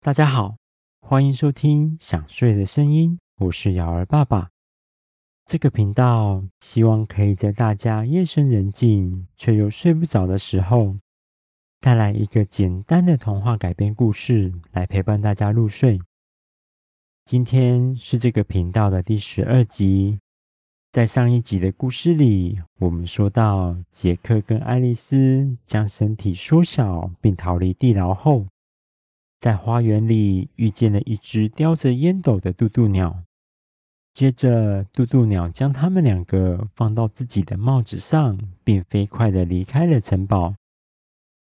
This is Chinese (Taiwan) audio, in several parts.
大家好，歡迎收聽《想睡的聲音》，我是堯兒爸爸。這個頻道希望可以在大家夜深人靜卻又睡不着的時候，帶來一個簡單的童話改編故事來陪伴大家入睡。今天是這個頻道的第十二集。在上一集的故事裡，我們說到傑克跟愛麗絲將身體縮小並逃離地牢後，在花園裡遇見了一隻叼着菸斗的渡渡鳥，接着渡渡鳥將他們兩個放到自己的帽子上，並飛快的離開了城堡。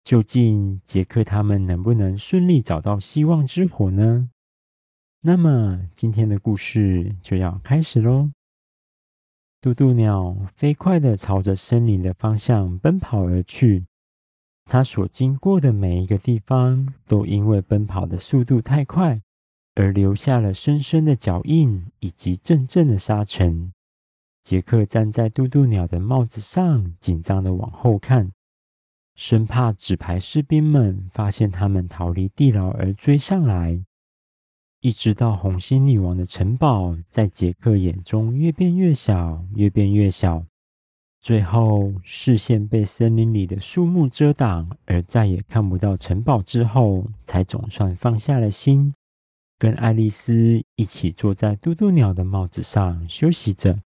究竟傑克他們能不能順利找到希望之火呢？那麼今天的故事就要開始嘍。渡渡鳥飛快的朝着森林的方向奔跑而去。他所經過的每一個地方，都因為奔跑的速度太快，而留下了深深的腳印以及陣陣的沙塵。傑克站在渡渡鳥的帽子上，緊張的往後看，生怕紙牌士兵們發現他們逃離地牢而追上來。一直到紅心女王的城堡，在傑克眼中越變越小，越變越小。最後，視線被森林裡的樹木遮擋，而再也看不到城堡之後，才總算放下了心，跟愛麗絲一起坐在渡渡鳥的帽子上休息着。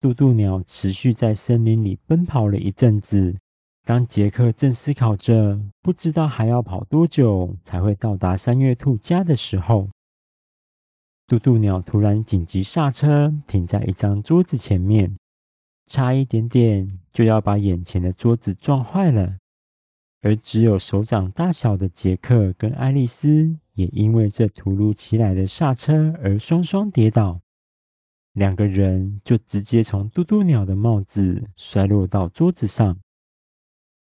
渡渡鳥持續在森林裡奔跑了一陣子，當傑克正思考着不知道還要跑多久才會到達三月兔家的時候，渡渡鳥突然緊急剎車，停在一張桌子前面。差一點點就要把眼前的桌子撞壞了，而只有手掌大小的傑克跟愛麗絲也因為這突如其來的剎車而雙雙跌倒，兩個人就直接從嘟嘟鳥的帽子摔落到桌子上。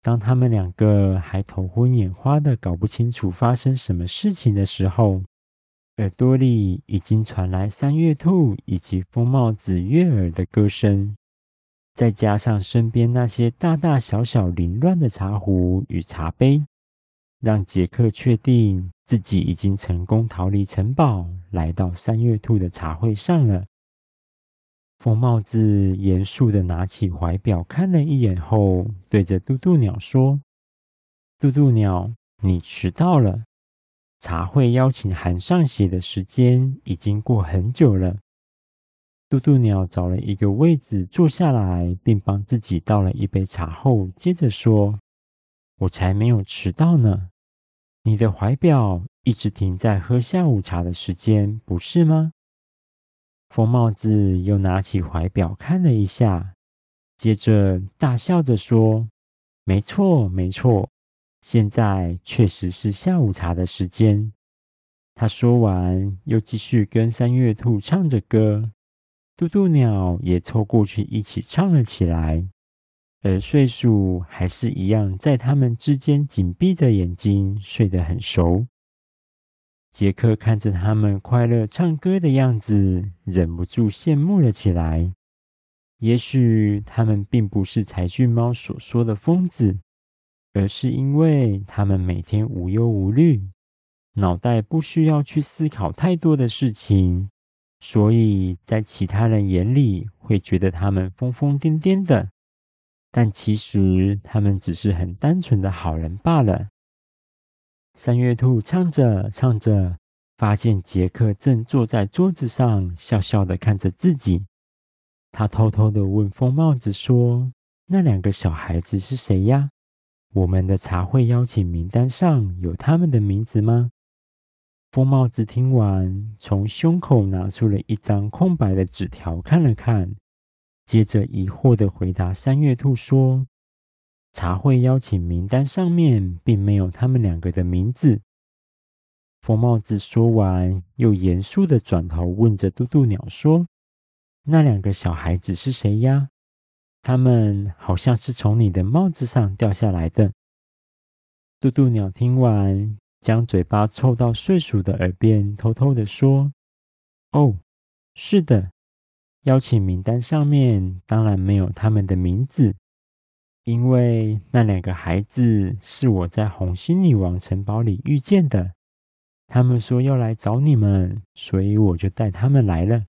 當他們兩個還頭昏眼花的，搞不清楚發生什麼事情的時候，耳朵裡已經傳來三月兔以及瘋帽子悅耳的歌聲。再加上身邊那些大大小小凌亂的茶壺與茶杯，讓傑克確定自己已經成功逃離城堡，來到三月兔的茶會上了。瘋帽子嚴肅的拿起懷錶看了一眼後，對着渡渡鳥說：“渡渡鳥，你遲到了。茶會邀請函上寫的時間已經過很久了。”渡渡鳥找了一個位置坐下來，並幫自己倒了一杯茶後，接着說：“我才沒有遲到呢！你的懷表一直停在喝下午茶的時間，不是嗎？”瘋帽子又拿起懷表看了一下，接着大笑着說：“沒錯，沒錯，現在確實是下午茶的時間。”他說完，又繼續跟三月兔唱着歌。渡渡鳥也湊過去一起唱了起來，而睡鼠還是一樣在它們之間緊閉着眼睛睡得很熟。傑克看着它們快樂唱歌的樣子，忍不住羨慕了起來。也許它們並不是柴郡貓所說的瘋子，而是因為它們每天無憂無慮，腦袋不需要去思考太多的事情。所以在其他人眼裡會覺得他們瘋瘋癲癲的，但其實他們只是很單純的好人罷了。三月兔唱着唱着，發現傑克正坐在桌子上，笑笑的看着自己。他偷偷的問瘋帽子說：“那兩個小孩子是誰呀？我們的茶會邀請名單上有他們的名字嗎？”瘋帽子聽完，從胸口拿出了一張空白的紙條，看了看，接着疑惑地回答三月兔說：“茶會邀請名單上面並沒有他們兩個的名字。”瘋帽子說完，又嚴肅地轉頭問着渡渡鳥說：“那兩個小孩子是誰呀？他們好像是從你的帽子上掉下來的。”渡渡鳥聽完。將嘴巴湊到睡鼠的耳邊，偷偷地說：“哦，oh，是的，邀請名單上面當然沒有他們的名字，因為那兩個孩子是我在紅心女王城堡裡遇見的。他們說要來找你們，所以我就帶他們來了。”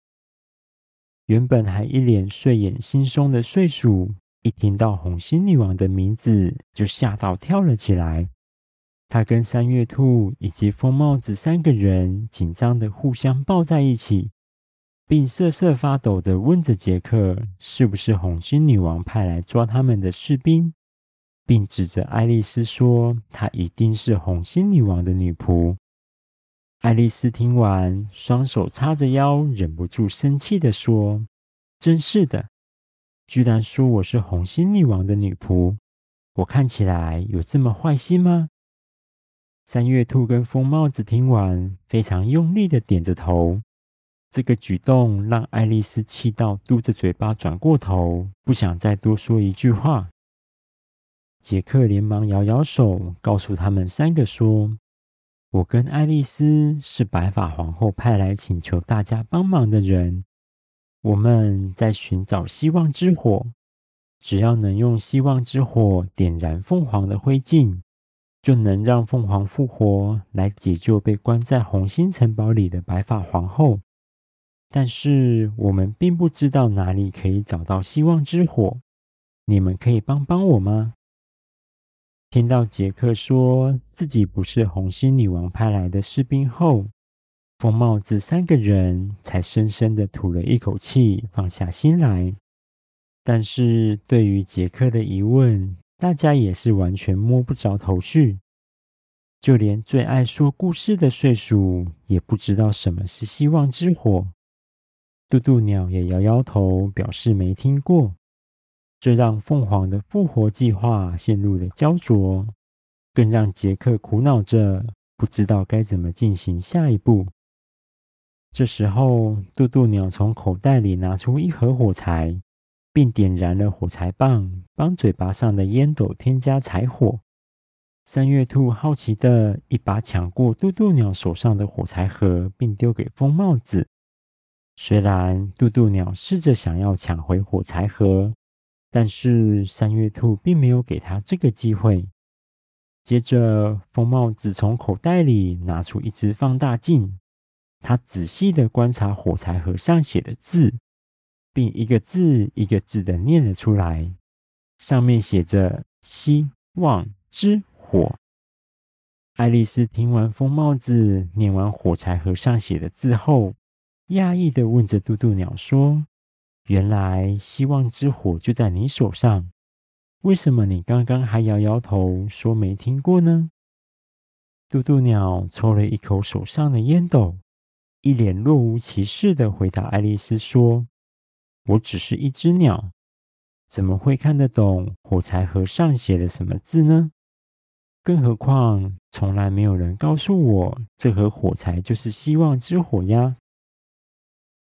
原本還一臉睡眼惺忪的睡鼠，一聽到紅心女王的名字，就嚇到跳了起來。他跟三月兔以及瘋帽子三個人緊張的互相抱在一起，並瑟瑟發抖的問着傑克：“是不是紅心女王派來抓他們的士兵？”並指着愛麗絲說：“她一定是紅心女王的女僕。”愛麗絲聽完，雙手叉着腰，忍不住生氣的說：“真是的，居然說我是紅心女王的女僕！我看起來有這麼壞心嗎？”三月兔跟瘋帽子聽完，非常用力的點着頭。這個舉動讓愛麗絲氣到嘟着嘴巴，轉過頭，不想再多說一句話。傑克連忙搖搖手，告訴他們三個說：“我跟愛麗絲是白髮皇后派來請求大家幫忙的人，我們在尋找希望之火，只要能用希望之火點燃鳳凰的灰燼。”就能讓鳳凰復活，來解救被關在紅心城堡裡的白髮皇後。但是我們並不知道哪裡可以找到希望之火。你們可以幫幫我嗎？聽到傑克說自己不是紅心女王派來的士兵後，瘋帽子三個人才深深的吐了一口氣，放下心來。但是對於杰克的疑問，大家也是完全摸不着頭緒，就連最愛說故事的睡鼠也不知道什麼是希望之火。渡渡鳥也搖搖頭，表示沒聽過。這讓鳳凰的復活計劃陷入了焦灼，更讓傑克苦惱着，不知道該怎麼進行下一步。這時候，渡渡鳥從口袋裡拿出一盒火柴。並點燃了火柴棒，幫嘴巴上的煙斗添加柴火。三月兔好奇的一把搶過渡渡鳥手上的火柴盒，並丟給瘋帽子。雖然渡渡鳥試着想要搶回火柴盒，但是三月兔並沒有給他這個機會。接着，瘋帽子從口袋裡拿出一只放大鏡，他仔細的觀察火柴盒上寫的字。並一個字一個字的念了出來，上面寫着“希望之火”。愛麗絲聽完瘋帽子念完火柴盒上寫的字後，訝異的問着渡渡鳥說：“原來希望之火就在你手上，為什麼你剛剛還搖搖頭說沒聽過呢？”渡渡鳥抽了一口手上的煙斗，一臉若無其事的回答愛麗絲說。我只是一隻鳥，怎麼會看得懂火柴盒上寫的什麼字呢？更何況，從來沒有人告訴我這盒火柴就是希望之火呀！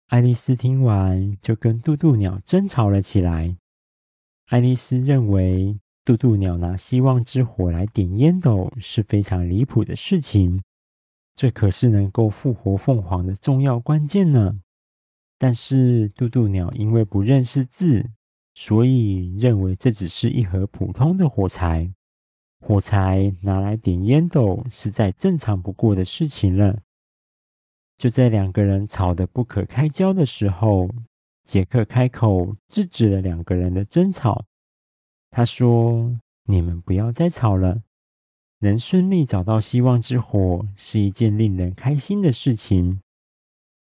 愛麗絲聽完，就跟渡渡鳥爭吵了起來。愛麗絲認為，渡渡鳥拿希望之火來點菸斗是非常離譜的事情，這可是能夠復活鳳凰的重要關鍵呢。但是渡渡鳥因為不認識字，所以認為這只是一盒普通的火柴。火柴拿來點菸斗是再正常不過的事情了。就在兩個人吵得不可開交的時候，傑克開口制止了兩個人的爭吵。他說：“你們不要再吵了，能順利找到希望之火是一件令人開心的事情。”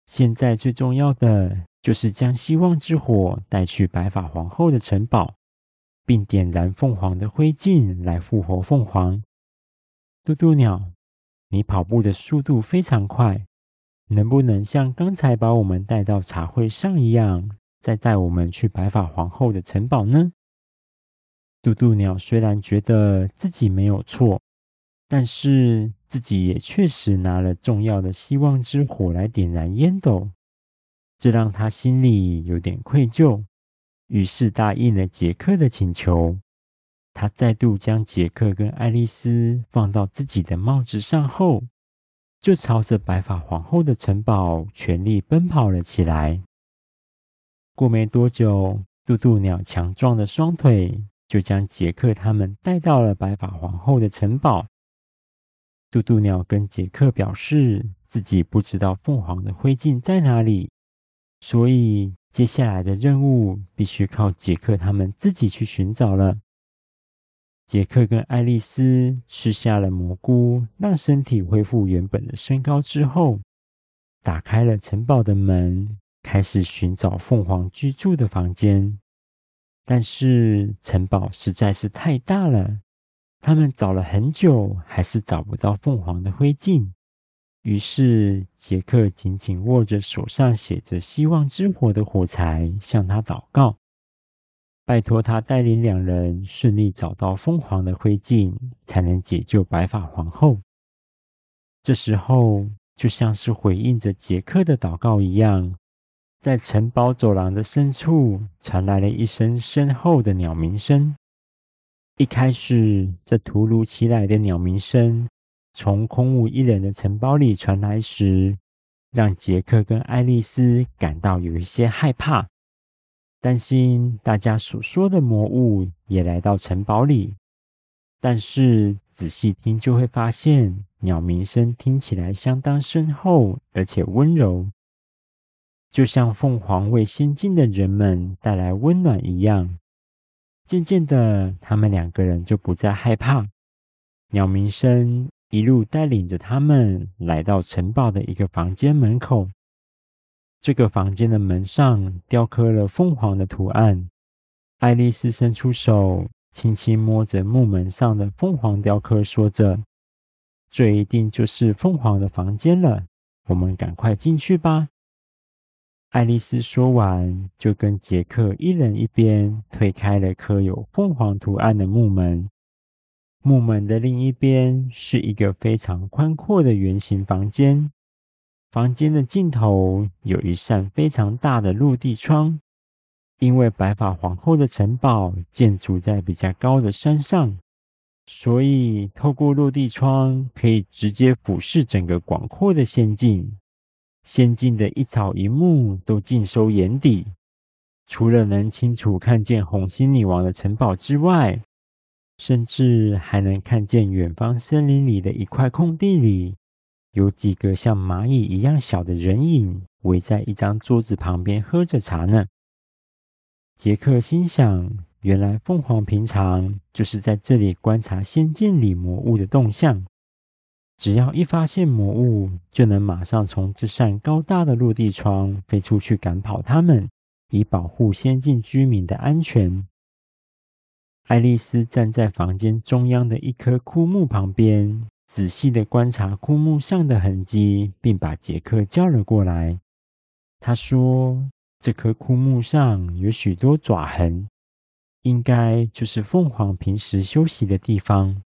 現在最重要的就是將希望之火帶去白髮皇後的城堡，並點燃鳳凰的灰燼來復活鳳凰。渡渡鳥，你跑步的速度非常快，能不能像剛才把我們帶到茶會上一樣，再帶我們去白髮皇後的城堡呢？渡渡鳥雖然覺得自己沒有錯，但是，自己也確實拿了重要的希望之火來點燃煙斗，這讓他心裡有點愧疚，於是答應了傑克的請求。他再度將傑克跟愛麗絲放到自己的帽子上後，就朝着白髮皇後的城堡全力奔跑了起來。過沒多久，渡渡鳥強壯的雙腿就將傑克他們帶到了白髮皇後的城堡。渡渡鳥跟傑克表示自己不知道鳳凰的灰燼在哪裡，所以接下來的任務必須靠傑克他們自己去尋找了。傑克跟愛麗絲吃下了蘑菇，讓身體恢復原本的身高之後，打開了城堡的門，開始尋找鳳凰居住的房間。但是城堡實在是太大了。他們找了很久，還是找不到鳳凰的灰燼。於是，傑克緊緊握着手上寫着“希望之火”的火柴，向他禱告：“拜托他帶領兩人順利找到鳳凰的灰燼，才能解救白髮皇後。”這時候，就像是回應着傑克的禱告一樣，在城堡走廊的深處傳來了一聲深厚的鳥鳴聲。一開始，這突如其來的鳥鳴聲從空無一人的城堡裡傳來時，讓傑克跟愛麗絲感到有一些害怕，擔心大家所說的魔物也來到城堡裡。但是仔細聽就會發現，鳥鳴聲聽起來相當深厚而且溫柔，就像鳳凰為仙境的人們帶來溫暖一樣。漸漸的，他們兩個人就不再害怕。鳥鳴聲一路帶領着他們來到城堡的一個房間門口。這個房間的門上雕刻了鳳凰的圖案。愛麗絲伸出手，輕輕摸着木門上的鳳凰雕刻，說着：“這一定就是鳳凰的房間了，我們趕快進去吧。”愛麗絲說完，就跟傑克一人一邊推開了刻有鳳凰圖案的木門。木門的另一邊是一個非常寬闊的圓形房間，房間的盡頭有一扇非常大的落地窗。因為白髮皇後的城堡建築在比較高的山上，所以透過落地窗可以直接俯視整個廣闊的仙境。仙境的一草一木都盡收眼底，除了能清楚看見紅心女王的城堡之外，甚至還能看見遠方森林裡的一塊空地裡，有幾個像螞蟻一樣小的人影圍在一張桌子旁邊喝着茶呢。杰克心想，原來鳳凰平常就是在這裡觀察仙境裡魔物的動向。只要一發現魔物，就能馬上從這扇高大的落地窗飛出去趕跑它們，以保護仙境居民的安全。愛麗絲站在房間中央的一棵枯木旁邊，仔細地觀察枯木上的痕跡，並把傑克叫了過來。她說：“這棵枯木上有許多爪痕，應該就是鳳凰平時休息的地方。”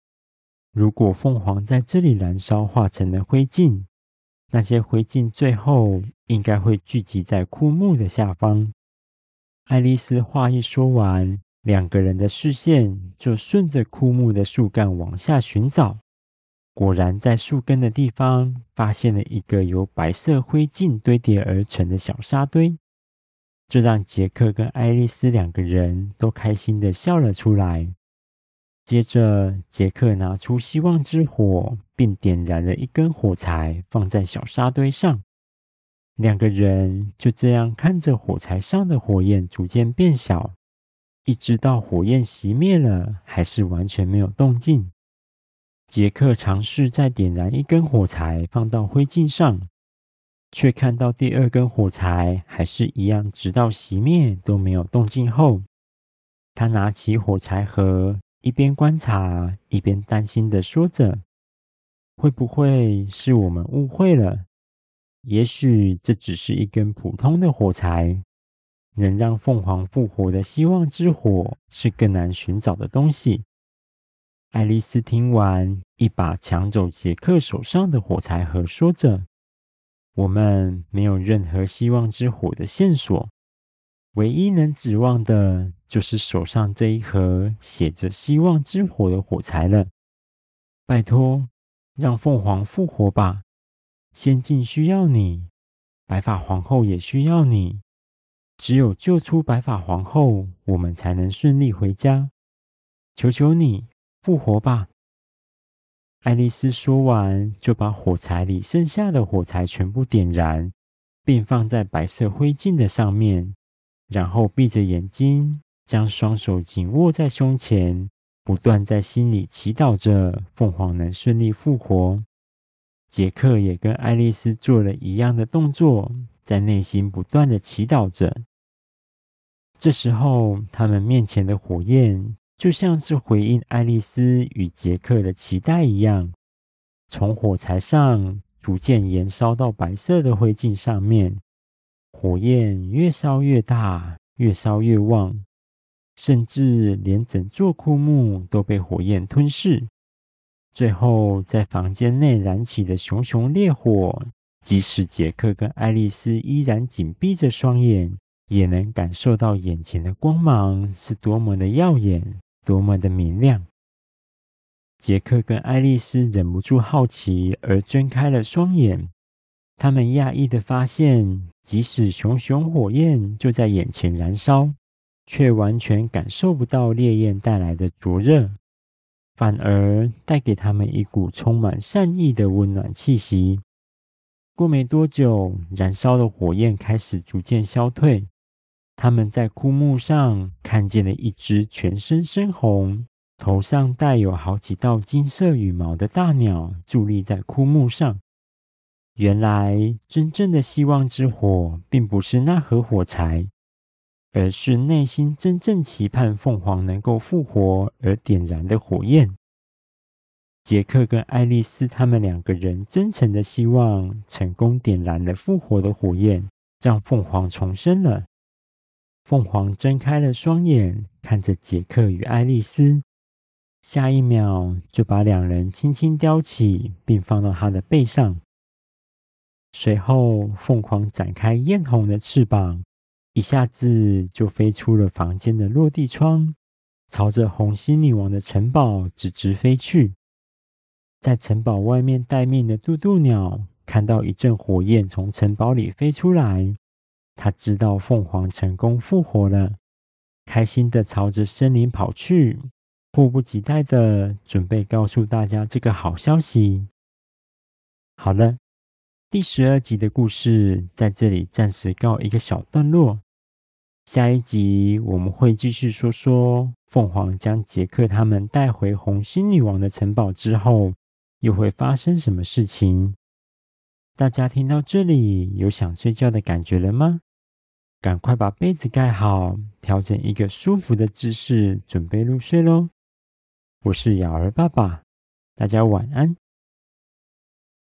如果鳳凰在這裡燃燒化成了灰燼，那些灰燼最後應該會聚集在枯木的下方。愛麗絲話一說完，兩個人的視線就順着枯木的樹幹往下尋找。果然，在樹根的地方發現了一個由白色灰燼堆疊而成的小沙堆，這讓傑克跟愛麗絲兩個人都開心地笑了出來。接着，傑克拿出希望之火，並點燃了一根火柴，放在小沙堆上。兩個人就這樣看着火柴上的火焰逐漸變小，一直到火焰熄滅了，還是完全沒有動靜。傑克嘗試再點燃一根火柴，放到灰燼上，卻看到第二根火柴還是一樣，直到熄滅都沒有動靜後，他拿起火柴盒。一邊觀察，一邊擔心的說着：“會不會是我們誤會了？也許這只是一根普通的火柴，能讓鳳凰復活的希望之火是更難尋找的東西。”愛麗絲聽完，一把搶走傑克手上的火柴盒，說着：“我們沒有任何希望之火的線索。”唯一能指望的就是手上這一盒寫着“希望之火”的火柴了。拜托，讓鳳凰復活吧！仙境需要你，白髮皇後也需要你。只有救出白髮皇後，我們才能順利回家。求求你，復活吧！愛麗絲說完，就把火柴裡剩下的火柴全部點燃，並放在白色灰燼的上面。然後閉着眼睛，將雙手緊握在胸前，不斷在心裡祈禱着鳳凰能順利復活。傑克也跟愛麗絲做了一樣的動作，在內心不斷的祈禱着。這時候，他們面前的火焰就像是回應愛麗絲與傑克的期待一樣，從火柴上逐漸燃燒到白色的灰燼上面。火焰越燒越大，越燒越旺，甚至連整座枯木都被火焰吞噬。最後，在房間內燃起的熊熊烈火，即使傑克跟愛麗絲依然緊閉着雙眼，也能感受到眼前的光芒是多麼的耀眼，多麼的明亮。傑克跟愛麗絲忍不住好奇而睜開了雙眼。他們訝異地發現，即使熊熊火焰就在眼前燃燒，卻完全感受不到烈焰帶來的灼熱，反而帶給他們一股充滿善意的溫暖氣息。過沒多久，燃燒的火焰開始逐漸消退，他們在枯木上看見了一只全身深紅、頭上帶有好幾道金色羽毛的大鳥，佇立在枯木上。原來，真正的希望之火，並不是那盒火柴，而是內心真正期盼鳳凰能夠復活而點燃的火焰。傑克跟愛麗絲他們兩個人真誠的希望，成功點燃了復活的火焰，讓鳳凰重生了。鳳凰睜開了雙眼，看着傑克與愛麗絲，下一秒就把兩人輕輕叼起，並放到他的背上。隨後，鳳凰展開豔紅的翅膀，一下子就飛出了房間的落地窗，朝着紅心女王的城堡直直飛去。在城堡外面待命的渡渡鳥看到一陣火焰從城堡裡飛出來，它知道鳳凰成功復活了，開心地朝着森林跑去，迫不及待地準備告訴大家這個好消息。好了。第十二集的故事在這裡暫時告一個小段落，下一集我們會繼續說說鳳凰將傑克他們帶回紅心女王的城堡之後，又會發生什麼事情。大家聽到這裡有想睡覺的感覺了嗎？趕快把被子蓋好，調整一個舒服的姿勢，準備入睡嘍。我是堯兒爸爸，大家晚安。